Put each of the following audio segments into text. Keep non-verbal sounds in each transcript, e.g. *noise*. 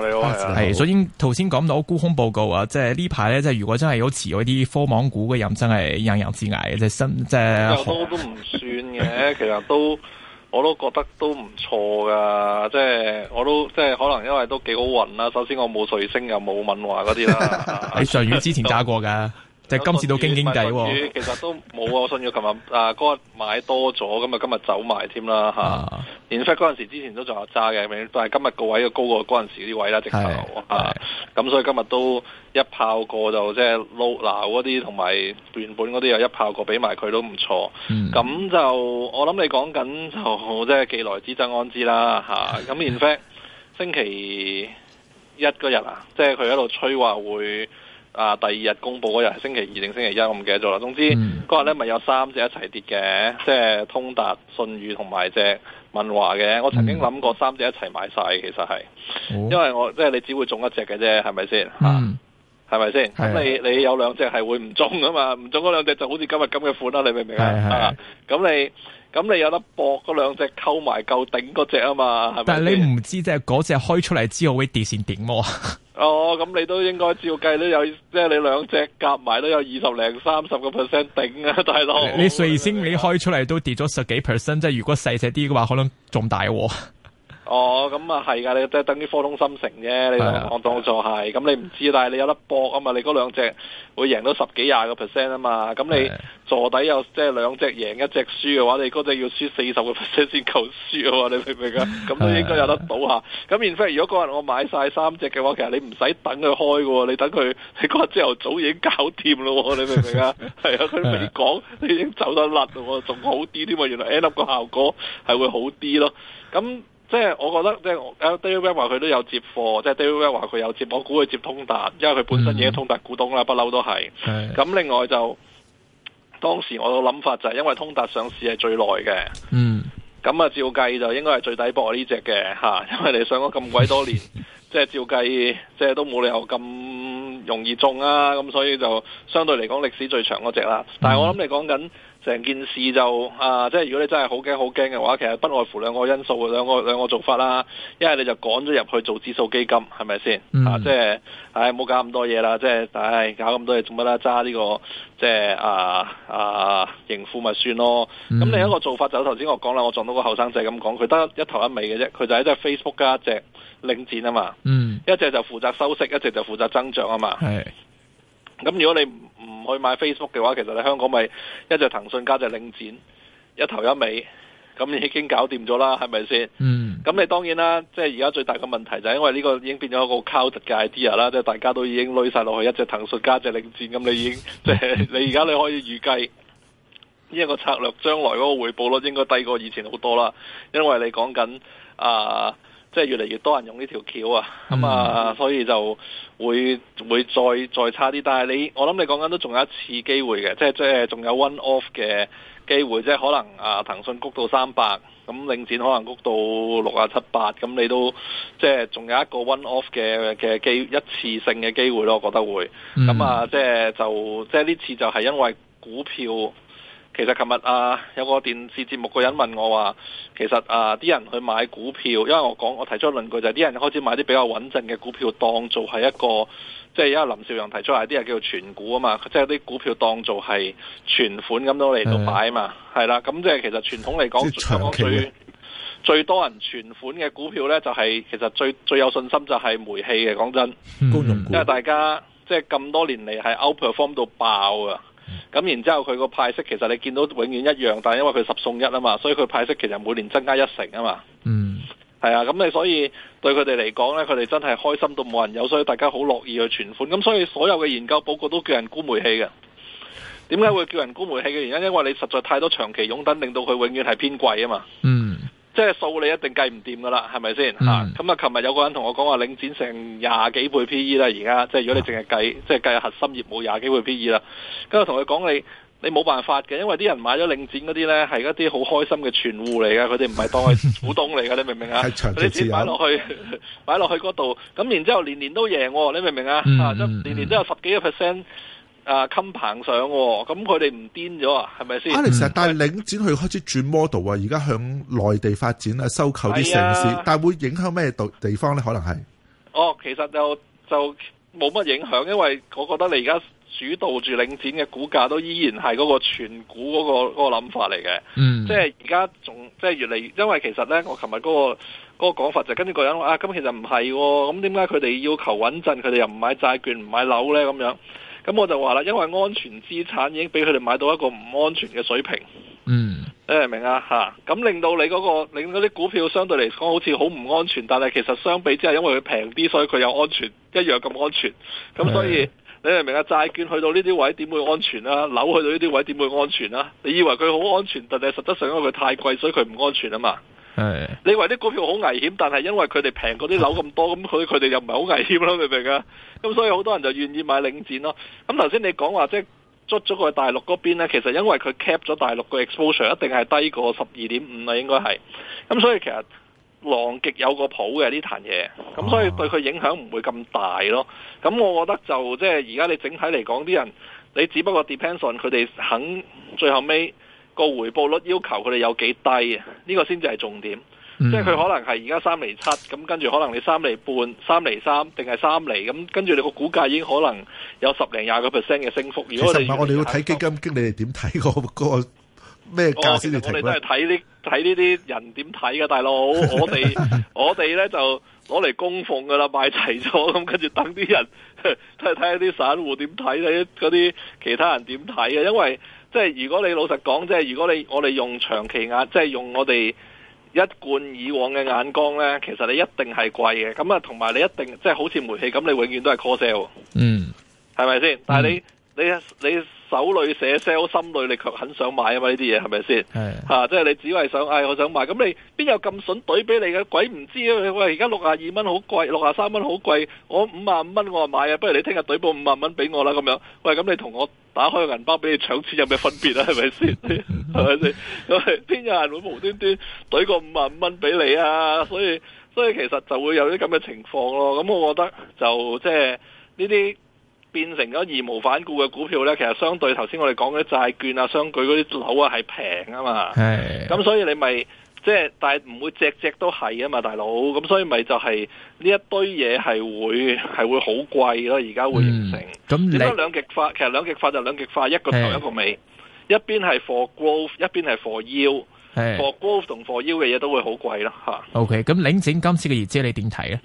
你好。係首先頭先講到沽空報告啊，即係呢排咧，即係如果真係有持有啲科網股嘅人，真係人人自危。即係新，即係都都唔算嘅，其實都我都覺得都唔錯噶。即係我都即係可能因為都幾好運啦。首先我冇瑞聲又冇敏華嗰啲啦。喺上月之前揸過噶，就今次都驚驚地。其實都冇啊，我信咗琴日啊嗰日買多咗，咁啊今日走埋添啦吓。In fact 嗰陣時之前都仲有揸嘅，但係今日個位要高過嗰陣時啲位啦，直頭嚇咁，所以今日都一炮過就即係撈鬧嗰啲，同埋原本嗰啲又一炮過，俾埋佢都唔錯。咁就我諗你講緊就即係既來之則安之啦嚇。咁 In fact 星期一嗰日啊，即係佢喺度吹話會啊第二日公佈嗰日係星期二定星期一，我唔記得咗啦。總之嗰日咧咪有三隻一齊跌嘅，即係通達信譽同埋隻。問話嘅，我曾經諗過，三隻一齊買晒。其實係因為我即係你只會中一隻嘅啫，係咪先？嗯。係咪先？咁你你有兩隻係會唔中㗎嘛？唔中嗰兩隻就好似今日咁嘅款啦、啊，你明唔明是啊？咁你咁你有得搏嗰兩隻，溝埋夠頂嗰隻啊嘛？但係你唔知即係嗰隻開出嚟之後會跌線點麼？哦，咁你都應該照計都有，即係你兩隻夾埋都有二十零三十個 percent 頂啊，大佬！你最先你開出嚟都跌咗十幾 percent，即係如果細隻啲嘅話，可能仲大。啊哦，咁啊係噶，你即係等於科通芯城啫。你當當就係，咁、啊、你唔知，但係你有得搏啊嘛。你嗰兩隻會贏到十幾廿個 percent 啊嘛。咁你坐底有即係兩隻贏一隻輸嘅話，你嗰隻要輸四十個 percent 先夠輸啊。你明唔明啊？咁都應該有得賭吓。咁，in fact 如果嗰日我買晒三隻嘅話，其實你唔使等佢開嘅，你等佢嗰日朝頭早已經搞掂咯。你明唔明 *laughs* 啊？係啊，佢未講，你已經走得甩咯，仲好啲添。原來 end up 個效果係會好啲咯。咁。即係我覺得，即係 David Webb 話佢都有接貨，即係 David Webb 話佢有接，我估佢接通達，因為佢本身已經通達股東啦，不嬲都係。咁、嗯、另外就當時我嘅諗法就係，因為通達上市係最耐嘅，咁啊、嗯、照計就應該係最抵博呢隻嘅嚇，因為你上咗咁鬼多年， *laughs* 即係照計即係都冇理由咁容易中啊。咁所以就相對嚟講歷史最長嗰隻啦。但係我諗你講緊。嗯成件事就啊、呃，即係如果你真係好驚好驚嘅話，其實不外乎兩個因素嘅兩個兩個做法啦。一係你就趕咗入去做指數基金，係咪先？啊，即、啊、係，唉，冇搞咁多嘢啦，即係，唉，搞咁多嘢做乜啦？揸呢個，即係啊啊盈富咪算咯。咁、嗯、另一個做法就頭先我講啦，我撞到個後生仔咁講，佢得一頭一尾嘅啫，佢就喺隻 Facebook 加一隻領展啊嘛，嗯、一隻就負責收息，一隻就負責增長啊嘛。咁如果你唔去買 Facebook 嘅話，其實你香港咪一隻騰訊加隻領展，一頭一尾，咁已經搞掂咗啦，係咪先？嗯。咁你當然啦，即係而家最大嘅問題就係因為呢個已經變咗一個 crowded IDEA 啦，即係大家都已經累晒落去，一隻騰訊加隻領展，咁你已經即係 *laughs* 你而家你可以預計呢一個策略將來嗰個回報率應該低過以前好多啦，因為你講緊啊。呃即係越嚟越多人用呢條橋啊，咁、mm hmm. 啊，所以就會會再再差啲。但係你我諗你講緊都仲有一次機會嘅，即係即係仲有 one off 嘅機會，即係可能啊騰訊谷到三百，咁領展可能谷到六啊七八，咁你都即係仲有一個 one off 嘅嘅機一次性嘅機會咯。我覺得會咁、mm hmm. 啊，即係就即係呢次就係因為股票。其實琴日啊，有個電視節目個人問我話，其實啊，啲人去買股票，因為我講我提出論據就係、是、啲人開始買啲比較穩陣嘅股票，當做係一個，即係因為林兆陽提出嚟，啲嘢叫做存股啊嘛，即係啲股票當做係存款咁樣嚟到買啊嘛，係啦的，咁即係其實傳統嚟講，長期最，最多人存款嘅股票呢，就係、是、其實最最有信心就係煤氣嘅，講真，嗯、眾因為大家即係咁多年嚟係 outperform 到爆啊！咁然之後佢個派息其實你見到永遠一樣，但係因為佢十送一啊嘛，所以佢派息其實每年增加一成啊嘛。嗯，係啊，咁你所以對佢哋嚟講呢，佢哋真係開心到冇人有，所以大家好樂意去存款。咁所以所有嘅研究報告都叫人沽煤氣嘅。點解會叫人沽煤氣嘅原因？因為你實在太多長期擁躉，令到佢永遠係偏貴啊嘛。嗯。即係數你一定計唔掂噶啦，係咪先嚇？咁、嗯、啊，琴日有個人同我講話領展成廿幾倍 P E 啦，而家即係如果你淨係計，嗯、即係計核心業務廿幾倍 P E 啦。跟住同佢講你，你冇辦法嘅，因為啲人買咗領展嗰啲咧係一啲好開心嘅存戶嚟嘅，佢哋唔係當係股東嚟嘅， *laughs* 你明唔明啊？佢哋擺落去，擺落去嗰度，咁然之後年年都贏，哦，你明唔明啊？嗯嗯嗯、啊年，年年都有十幾個 percent。啊，襟棚上咁、哦，佢哋唔癲咗啊？係咪先？佢哋成日帶領展去開始轉 model 啊！而家向內地發展啊，收購啲城市，啊、但係會影響咩地方呢？可能係哦，其實就就冇乜影響，因為我覺得你而家主導住領展嘅股價都依然係嗰個全股嗰、嗰個嗰、嗰個諗法嚟嘅。即係而家仲即係越嚟越，因為其實呢，我琴日嗰個嗰、嗰個講法就跟住個人話，啊，咁其實唔係、哦，咁點解佢哋要求穩陣，佢哋又唔買債券，唔買樓呢？咁樣。咁我就話啦，因為安全資產已經俾佢哋買到一個唔安全嘅水平。嗯，你明唔明啊吓，咁令到你嗰、嗰個，令到啲股票相對嚟講好似好唔安全，但係其實相比之下，因為佢平啲，所以佢又安全一樣咁安全。咁所以、嗯、你明唔明啊？債券去到呢啲位點會安全啊？樓去到呢啲位點會安全啊？你以為佢好安全，但係實質上因為佢太貴，所以佢唔安全啊嘛。係， *music* 你話啲股票好危險，但係因為佢哋平過啲樓咁多，咁佢佢哋又唔係好危險咯，明唔明啊？咁所以好多人就願意買領展咯。咁頭先你講話即係捉咗去大陸嗰邊咧，其實因為佢 cap 咗大陸個 exposure，一定係低過十二點五啊，應該係。咁所以其實浪極有個譜嘅呢壇嘢，咁所以對佢影響唔會咁大咯。咁 *music* 我覺得就即係而家你整體嚟講，啲人你只不過 depends on 佢哋肯最後尾個回報率要求佢哋有幾低啊？呢、呢個先至係重點，嗯、即係佢可能係而家三厘七，咁跟住可能三厘五、三厘三，你三厘半、三厘三定係三厘，咁跟住你個股價已經可能有十零廿個 percent 嘅升幅。如果我哋要睇基金經理哋點睇嗰個嗰個咩價先至停啊？我哋都係睇呢睇呢啲人點睇嘅，大佬，我哋 *laughs* 我哋咧就。攞嚟供奉㗎喇，賣齊咗咁，跟住等啲人睇下啲散戶點睇，睇嗰啲其他人點睇啊。因為即係如果你老實講，即係如果你我哋用長期眼，即係用我哋一貫以往嘅眼光咧，其實你一定係貴嘅。咁啊，同埋你一定即係好似煤氣咁，你永遠都係 call sell。嗯，係咪先？嗯、但係你你你。你你手裏寫 sell，心裏你卻很想買啊嘛？呢啲嘢係咪先？係吓的、啊，即係你只係想，哎，我想買，咁你邊有咁筍懟俾你嘅？鬼唔知啊！喂，而家六廿二蚊好貴，六廿三蚊好貴，我五萬五蚊我買啊，不如你聽日懟部五萬蚊俾我啦，咁樣，喂，咁你同我打開個銀包俾你搶錢有咩分別啊？係咪先？係咪先？邊有人會無端端懟個五萬五蚊俾你啊所？所以，所以其實就會有啲咁嘅情況咯。咁我覺得就即係呢啲。就是變成咗義無反顧嘅股票呢，其實相對頭先我哋講嗰啲債券啊、相對嗰啲樓啊係平啊嘛，咁的所以你咪即係，但係唔會隻只都係啊嘛，大佬，咁所以咪就係呢一堆嘢，係會係會好貴咯，而家會形成。咁你兩極化，你其實兩極化就兩極化，一個頭，的一，個頭一個尾，一邊係 for growth，一邊係 for yield< 的 >，for growth 同 for yield 嘅嘢都會好貴啦。吓，OK，咁領展今次嘅業績你點睇咧？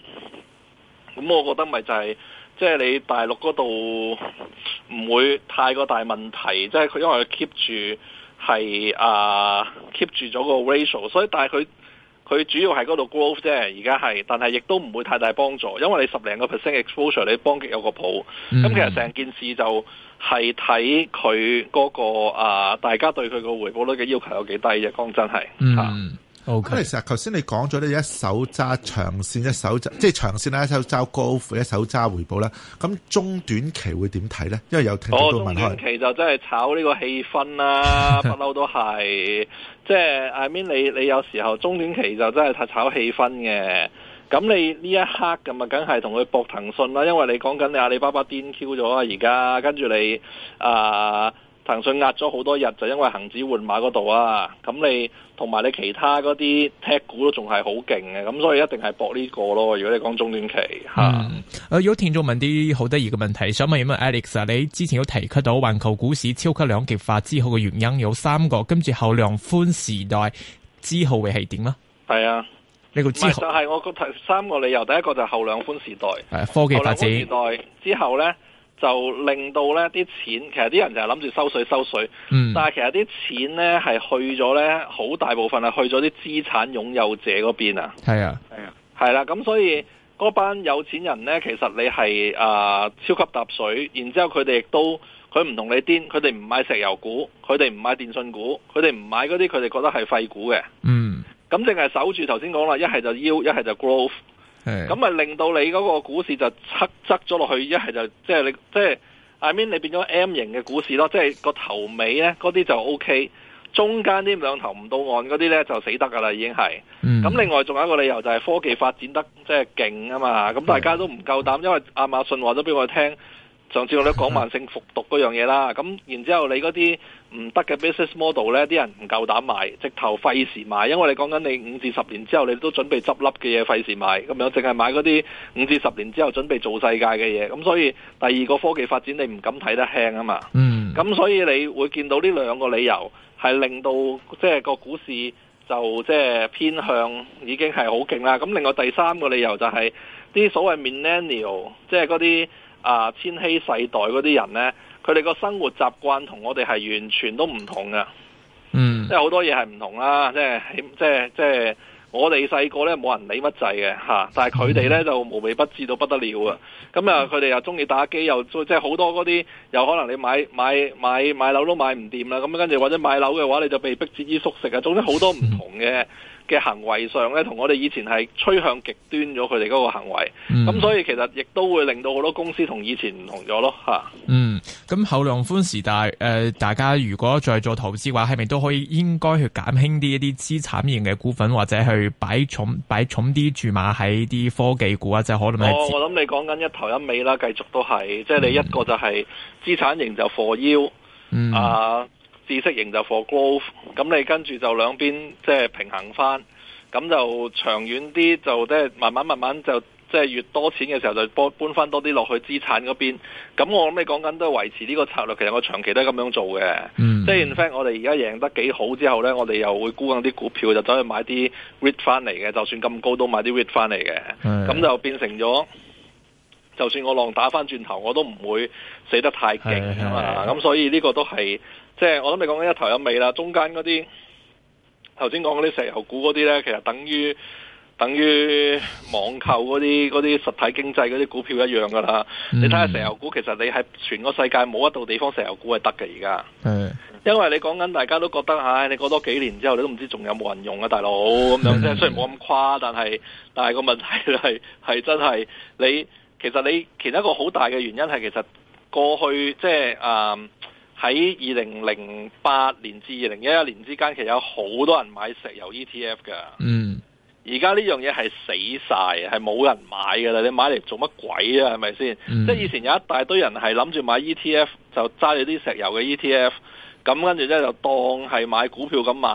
咁呢、嗯、我覺得咪就係、就。是即係你大陸嗰度唔會太過大問題，即係佢因為佢 keep 住係啊、uh, keep 住咗個 ratio，所以但係佢佢主要係嗰度 growth 啫，而家係，但係亦都唔會太大幫助，因為你十零個 percent exposure，你幫極有個譜，咁、嗯、其實成件事就係睇佢嗰個啊，uh, 大家對佢個回報率嘅要求有幾低啫，講真係嚇。嗯啊咁嚟就，頭先 Okay. 你講咗呢，一手揸長線，一手揸即係長線啦，一手揸高一手揸回報啦。咁中短期會點睇咧？因為有騰訊嘅問題。中短期就真係炒呢個氣氛啦，不嬲都係。即係 I mean，你你有時候中短期就真係太炒氣氛嘅。咁你呢一刻咁啊，梗係同佢博騰訊啦。因為你講緊你阿里巴巴癲 Q 咗啊。而家，跟住你啊。騰訊壓咗好多日，就因為恒指換馬嗰度啊！咁你同埋你其他嗰啲踢股都仲係好勁嘅，咁所以一定係搏呢個咯。如果你講中短期嚇，誒、嗯呃、如果聽眾問啲好得意嘅問題，想問一問 Alex 啊，你之前有提及到環球股市超級兩極化之後嘅原因有三個，跟住後兩寬時代之後會係點啊？係啊，呢個之後就係、是、我個三個理由，第一個就係後兩寬時代、啊，科技發展時代之後咧。就令到呢啲錢，其實啲人就係諗住收水收水，嗯、但係其實啲錢呢，係去咗呢好大部分係去咗啲資產擁有者嗰邊啊。係啊，係啊，係啦、啊，咁所以嗰班有錢人呢，其實你係啊、呃、超級搭水，然之後佢哋亦都佢唔同你癲，佢哋唔買石油股，佢哋唔買電信股，佢哋唔買嗰啲佢哋覺得係廢股嘅。嗯，咁淨係守住頭先講啦，一係就 yield，一係就 Growth。咁咪 *noise* 令到你嗰個股市就側側咗落去，一係就即係你即係 I mean 你變咗 M 型嘅股市咯，即係個頭尾咧嗰啲就 O、OK, K，中間啲兩頭唔到岸嗰啲咧就死得噶啦，已經係。咁、嗯嗯、另外仲有一個理由就係科技發展得即係勁啊嘛，咁大家都唔夠膽，因為亞馬遜話咗俾我聽，上次我哋講慢性服毒嗰樣嘢啦，咁 *laughs* 然之後你嗰啲。唔得嘅 business model 咧，啲人唔夠膽買，直頭費事買，因為你講緊你五至十年之後，你都準備執笠嘅嘢，費事買咁樣，淨係買嗰啲五至十年之後準備做世界嘅嘢，咁所以第二個科技發展你唔敢睇得輕啊嘛，咁、嗯、所以你會見到呢兩個理由係令到即係個股市就即係偏向已經係好勁啦。咁另外第三個理由就係、是、啲所謂 millennial，即係嗰啲啊千禧世代嗰啲人呢。佢哋個生活習慣同我哋係完全都唔同嘅，嗯，即係好多嘢係唔同啦，即係，即係，即係我哋細個咧冇人理乜滯嘅吓，但係佢哋咧就無微不至到不得了啊！咁啊，佢哋又中意打機，又即係好多嗰啲，又可能你買買買買樓都買唔掂啦，咁跟住或者買樓嘅話，你就被逼節衣縮食啊！總之好多唔同嘅嘅行為上咧，同我哋以前係趨向極端咗，佢哋嗰個行為，咁、嗯、所以其實亦都會令到好多公司同以前唔同咗咯吓，嗯。嗯咁後量寬時代，誒、嗯，大家如果再做投資嘅話，係咪都可以應該去減輕啲一啲資產型嘅股份，或者去擺重擺重啲注碼喺啲科技股啊？即係可能我我諗你講緊一頭一尾啦，繼續都係，即係你一個就係資產型就 for 腰，啊，知識型就 for growth，咁你跟住就兩邊即係平衡翻，咁就長遠啲就即係慢慢慢慢就。即係越多錢嘅時候，就搬搬翻多啲落去資產嗰邊。咁我諗你講緊都係維持呢個策略。其實我長期都係咁樣做嘅。嗯、即係 in fact，我哋而家贏得幾好之後呢，我哋又會沽緊啲股票，就走去買啲 REIT 翻嚟嘅。就算咁高都買啲 REIT 翻嚟嘅。咁是的 就變成咗，就算我浪打翻轉頭，我都唔會死得太勁啊嘛。咁所以呢個都係即係我諗你講緊一頭一尾啦。中間嗰啲頭先講嗰啲石油股嗰啲呢，其實等於。等於網購嗰啲嗰啲實體經濟嗰啲股票一樣㗎啦，嗯、你睇下石油股，其實你喺全個世界冇一度地方石油股係得嘅而家，的因為你講緊大家都覺得嚇、哎，你過多幾年之後你都唔知仲有冇人用啊，大佬咁樣即係。的雖然冇咁誇，但係但係個問題係係真係你其實你其他一個好大嘅原因係其實過去即係啊喺二零零八年至二零一一年之間，其實有好多人買石油 ETF 嘅。嗯而家呢樣嘢係死晒，係冇人買嘅啦！你買嚟做乜鬼啊？係咪先？嗯、即係以前有一大堆人係諗住買 ETF，就揸住啲石油嘅 ETF，咁跟住咧就當係買股票咁買，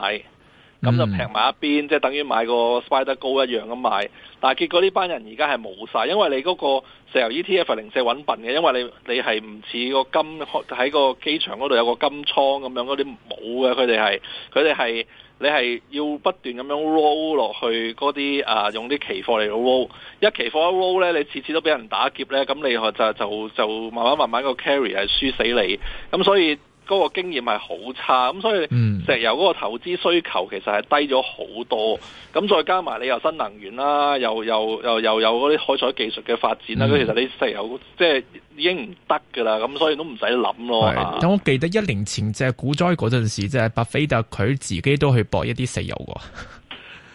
咁就擗埋一邊，嗯、即係等於買個 SPDR Gold 一樣咁買。但係結果呢班人而家係冇晒，因為你嗰個石油 ETF 係零舍揾笨嘅，因為你你係唔似個金喺個機場嗰度有個金倉咁樣，嗰啲冇嘅，佢哋係佢哋係。你係要不斷咁樣 roll 落去嗰啲啊，用啲期貨嚟到 roll，一期貨一 roll 咧，你次次都俾人打劫咧，咁你就就就慢慢慢慢個 carry 係輸死你，咁所以。嗰個經驗係好差，咁所以石油嗰個投資需求其實係低咗好多。咁再加埋你有新能源啦，又又又又，又有嗰啲開採技術嘅發展啦，嗯、其實你石油即係已經唔得噶啦。咁所以都唔使諗咯。但我記得一年前即股災嗰陣時，即係巴菲特佢自己都去搏一啲石油喎。 *laughs*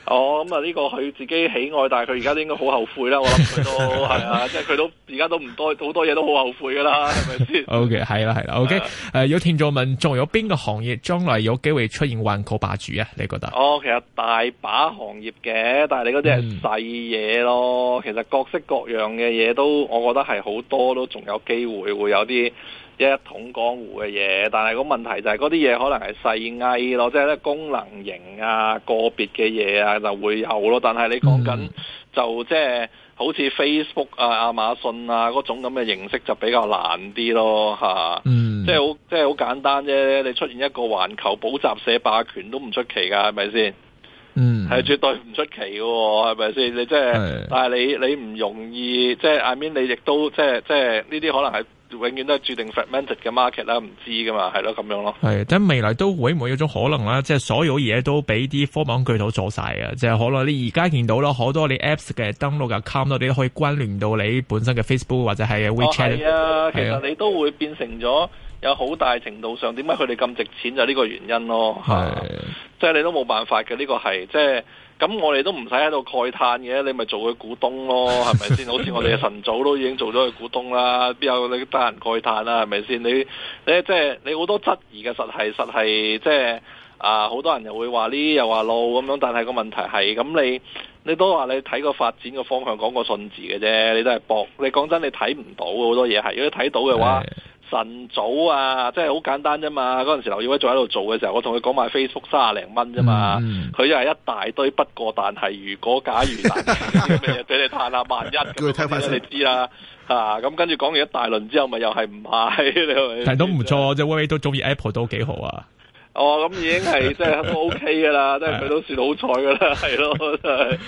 哦，咁啊呢個佢自己喜愛，但係佢而家應該好後悔啦。我諗佢都係 *laughs* 啊，即係佢都而家都唔多好多嘢都好後悔噶啦，係咪先？O K，係啦係啦，O K。誒，有聽眾問，仲有邊個行業將來有機會出現環球霸主啊？你覺得？哦，其實大把行業嘅，但係你嗰啲係細嘢咯。其實各式各樣嘅嘢都，我覺得係好多都仲有機會會有啲。一統江湖嘅嘢，但係個問題就係嗰啲嘢可能係細藝咯，即係咧功能型啊、個別嘅嘢啊就會有咯。但係你講緊、嗯、就即係、就是、好似 Facebook 啊、亞馬遜啊嗰種咁嘅形式就比較難啲咯，嚇、啊。嗯，即係好即係好簡單啫。你出現一個環球補習社霸權都唔出奇噶，係咪先？嗯，係絕對唔出奇嘅、哦，係咪先？你即、就、係、是，是但係你你唔容易，即、就、係、是、I mean 你亦都即係即係呢啲可能係。永遠都係注定 fragmented 嘅 market 啦，唔知噶嘛，係咯咁樣咯。係，咁未來都會唔會有種可能啦，即係所有嘢都俾啲科網巨頭做晒啊！即係可能你而家見到啦，好多你 apps 嘅登錄嘅 account 咧，你都可以關聯到你本身嘅 Facebook 或者係 WeChat、哦。啊，的的其實你都會變成咗有好大程度上，點解佢哋咁值錢就呢個原因咯。係，即係你都冇辦法嘅呢個係，即係。咁我哋都唔使喺度慨嘆嘅，你咪做佢股東咯，係咪先？好似我哋嘅晨早都已經做咗佢股東啦，邊有你得人慨嘆啊？係咪先？你你即係你好多質疑嘅實係實係即係啊！好多人又會話呢，又話路咁樣，但係個問題係咁，你都你都話你睇個發展嘅方向，講個信字嘅啫，你都係搏。你講真，你睇唔到好多嘢係，如果睇到嘅話。晨早啊，即係好簡單啫嘛！嗰陣時劉耀威仲喺度做嘅時候，我同佢講買 Facebook 卅零蚊啫嘛，佢又係一大堆不過，但係如果假如，俾 *laughs* 你探下萬一， *laughs* 樣叫佢聽翻聲你知啦嚇。咁、啊、跟住講完一大輪之後，咪又係唔買。提到唔錯，即係威威都中意 Apple 都幾好啊！哦，咁已經係即係都 OK 噶啦即係佢都算好彩噶啦，係咯，真係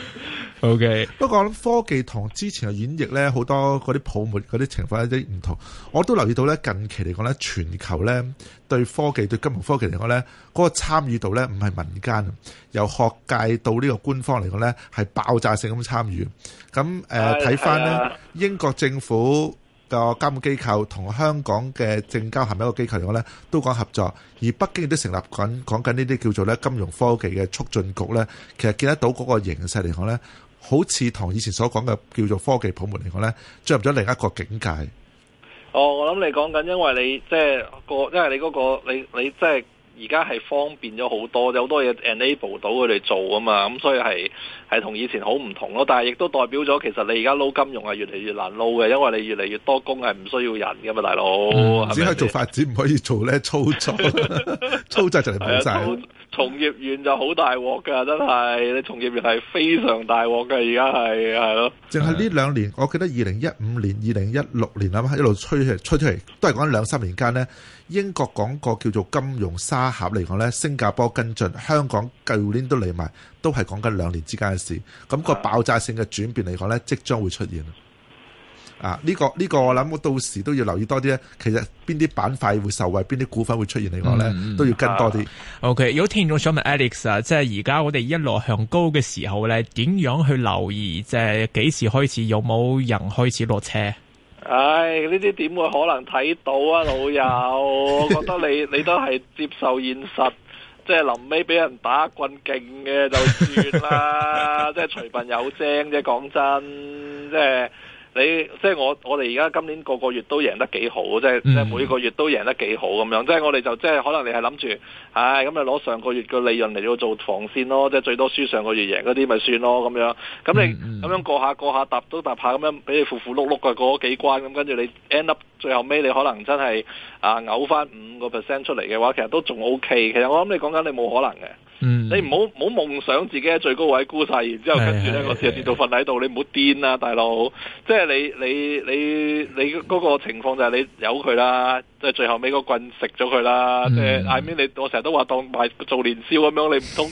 OK。不過我諗科技同之前嘅演繹咧，好多嗰啲泡沫嗰啲情況有啲唔同。我都留意到咧，近期嚟講咧，全球咧對科技對金融科技嚟講咧，嗰個參與度咧唔係民間，由學界到呢個官方嚟講咧係爆炸性咁參與。咁誒、呃，睇翻咧英國政府。個監管機構同香港嘅證交係咪一個機構嚟講咧，都講合作，而北京亦都成立緊講緊呢啲叫做咧金融科技嘅促進局咧，其實見得到嗰個形勢嚟講咧，好似同以前所講嘅叫做科技泡沫嚟講咧，進入咗另一個境界。哦，我諗你講緊、就是，因為你即、那、係個，因為你嗰個你你即係。而家係方便咗好多，有好多嘢 enable 到佢哋做啊嘛，咁所以係係同以前好唔同咯。但係亦都代表咗，其實你而家撈金融係越嚟越難撈嘅，因為你越嚟越多工係唔需要人㗎嘛，大佬。只、嗯、吧可以做發展，唔可以做咧操作， *laughs* 操作就係冇曬。 *laughs* 從業員就好大鑊噶，真係你從業員係非常大鑊噶，而家係係咯。淨係呢兩年，我記得二零一五年、二零一六年啊，一路吹出嚟，吹出嚟都係講緊兩三年間呢，英國講過叫做金融沙盒嚟講呢，新加坡跟進，香港舊年都嚟埋，都係講緊兩年之間嘅事。咁個爆炸性嘅轉變嚟講呢，即將會出現。啊！呢個呢個，這個、我諗我到時都要留意多啲咧。其實邊啲板塊會受惠，邊啲股份會出現嚟講咧，都要跟多啲、嗯啊。OK，有聽眾想問 Alex 啊，即係而家我哋一落向高嘅時候咧，點樣去留意？即係幾時開始有冇人開始落車？唉、哎，呢啲點會可能睇到啊，老友？ *laughs* 我覺得你你都係接受現實，即係臨尾俾人打棍勁嘅就算啦。即係 *laughs* 隨便有聲啫，講真，即係。你即係我我哋而家今年個個月都贏得幾好，即係即係每個月都贏得幾好咁樣。即係我哋就即係可能你係諗住，唉咁啊攞上個月嘅利潤嚟到做防線咯，即係最多輸上個月贏嗰啲咪算咯咁樣。咁你咁樣過下過下搭都踏下咁樣，俾你符符碌碌嘅過幾關咁，跟住你 end up 最後尾你可能真係啊嘔翻五個 percent 出嚟嘅話，其實都仲 OK。其實我諗你講緊你冇可能嘅。嗯，你唔好唔好夢想自己喺最高位沽晒，然之後跟住咧個市跌到瞓喺度，你唔好癲啦，大佬！即係你你你你嗰個情況就係你由佢啦，即係最後尾個棍食咗佢啦。即係、嗯、I mean，你我成日都話當賣做年宵咁樣，你唔通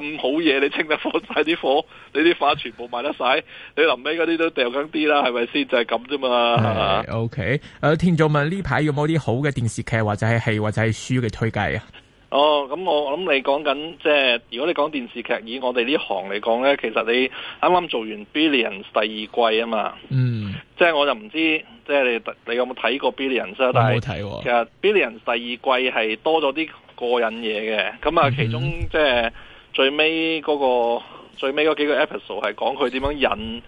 咁好嘢，你清得放晒啲貨，你啲貨全部賣得晒，你臨尾嗰啲都掉緊啲啦，係咪先？就係咁啫嘛。OK 誒，天助 *music* *music* 問呢排有冇啲好嘅電視劇或者係戲或者係書嘅推介啊？哦，咁我我諗你講緊即係，如果你講電視劇，以我哋呢行嚟講呢，其實你啱啱做完《Billions》第二季啊嘛，嗯，即係我就唔知，即係你有冇睇過《Billions》咧？但係冇睇喎。其實《Billions》第二季係多咗啲過癮嘢嘅，咁啊，其中即係最尾嗰個最尾嗰幾個 episode 係講佢點樣引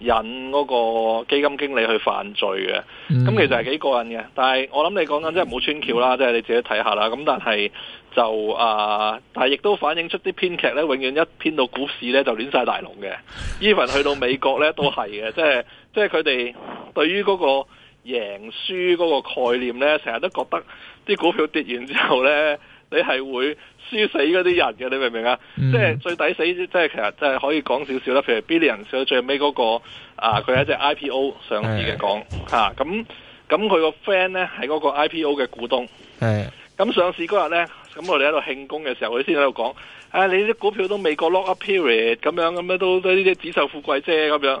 引嗰個基金經理去犯罪嘅，咁其實係幾過癮嘅。但係我諗你講緊即係冇穿橋啦，即係你自己睇下啦。咁但係。就啊，但係亦都反映出啲編劇咧，永遠一編到股市咧就亂晒大龍嘅。Even 去到美國咧都係嘅，即係即係佢哋對於嗰個贏輸嗰個概念咧，成日都覺得啲股票跌完之後咧，你係會輸死嗰啲人嘅。你明唔明啊？即係最抵死，即係其實即係可以講少少啦。譬如 Billy 人少最尾嗰個啊，佢係一隻 IPO 上市嘅講吓，咁咁佢個 friend 咧係嗰個 IPO 嘅股東，係咁上市嗰日咧。咁我哋喺度慶功嘅時候，佢先喺度講，啊，你啲股票都未過 lock up period，咁樣咁咧，都都啲啲紙壽富貴啫咁樣。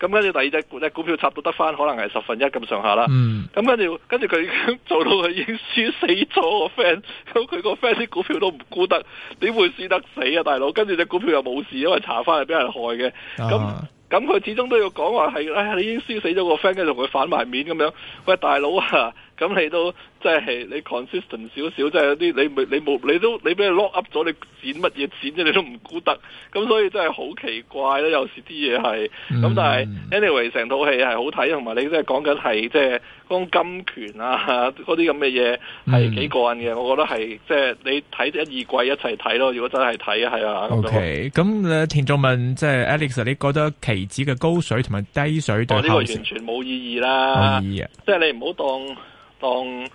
咁跟住第二隻隻股票插到得返，可能係十分一咁上下啦。咁、嗯、跟住跟住佢做到係已經輸死咗個 friend，咁佢個 friend 啲股票都唔沽得，點會輸得死啊，大佬？跟住隻股票又冇事，因為查返係俾人害嘅。咁咁佢始終都要講話係，唉、哎，你已經輸死咗個 friend，跟住同佢反埋面咁樣。喂，大佬啊！咁你都即係你 consistent 少少，即係有啲你你冇你，你，你都你俾人 lock up 咗，你剪乜嘢剪啫？你都唔估得，咁、嗯、所以真係好奇怪啦！有時啲嘢係咁，但係 anyway 成套戲係好睇，同埋你真係即係講緊係即係嗰種金權啊，嗰啲咁嘅嘢係幾過癮嘅。嗯、我覺得係即係你睇一二季一齊睇咯。如果真係睇係啊。O K，咁聽眾問即係 Alex，你覺得棋子嘅高水同埋低水對呢個完全冇意義啦，冇意義、啊。即係你唔好當。當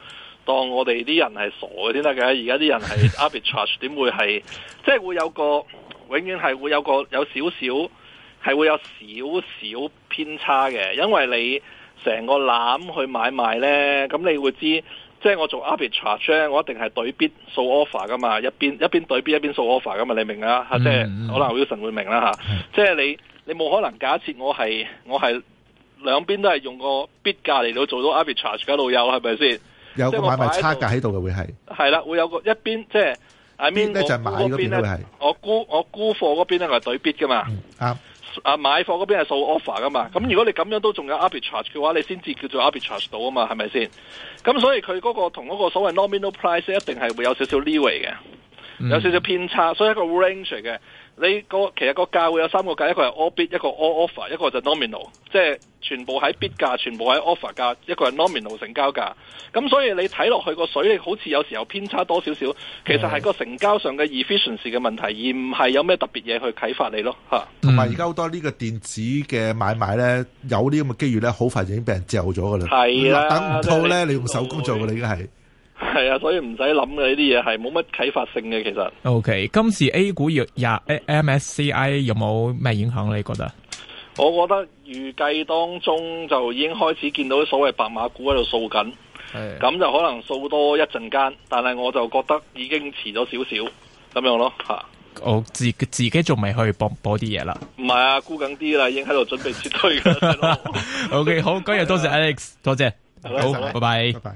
當我哋啲人係傻嘅先得嘅，而家啲人係 arbitrage，點會係即係會有個永遠係會有個有少少係會有少少偏差嘅，因為你成個籃去買賣咧，咁你會知即係、就是、我做 arbitrage 咧，我一定係對 bid 數 offer 噶嘛，一邊一邊對 bid 一邊數 offer 噶嘛，你明、嗯嗯、啊？即係可能 Wilson 會明啦吓，即、啊、係、嗯、你你冇可能假設我係我係。兩邊都係用個 bid 價嚟到做到 arbitrage 嘅路有係咪先？是是有個買賣差價喺度嘅會係。係啦，會有個一邊即係，I mean, 呢邊咧就買嗰邊會係。我估我估貨嗰邊咧係對 bid 嘅嘛。啊啊、嗯、買貨嗰邊係數、so、offer 嘅嘛。咁、嗯、如果你咁樣都仲有 arbitrage 嘅話，你先至叫做 arbitrage 到啊嘛，係咪先？咁所以佢嗰個同嗰個所謂 nominal price 一定係會有少少 leeway 嘅，有少少偏差，嗯、所以一個 range 嘅。你個其實個價會有三個價，一個係 all bid，一個 all offer，一個就 nominal，即係全部喺 bid 價，全部喺 offer 價，一個係 nominal 成交價。咁所以你睇落去個水，好似有時候偏差多少少，其實係個成交上嘅 efficiency 嘅問題，而唔係有咩特別嘢去啟發你咯。嚇、嗯，同埋而家好多呢個電子嘅買賣咧，有呢咁嘅機遇咧，好快就已經俾人掉咗噶啦。係啦、啊，等唔到咧，你，你用手工做嘅、嗯、你已經係。係啊，所以唔使諗嘅呢啲嘢係冇乜啟發性嘅，其 *noise* 實。 *noise* o、okay, K，今次 A 股入入，啊、M S C I 有冇咩影響？你覺得？我覺得預計當中就已經開始見到所謂白馬股喺度掃緊，咁 *noise* 就可能掃多一陣間，但係我就覺得已經遲咗少少咁樣咯吓，啊。 *noise* 我自自己仲未去博啲嘢啦。唔係啊，沽緊啲啦，已經喺度準備撤退啦。 *noise* *noise* o、okay, K，好，今日多謝 Alex， *laughs* 多謝， *noise* 好，拜拜。拜拜。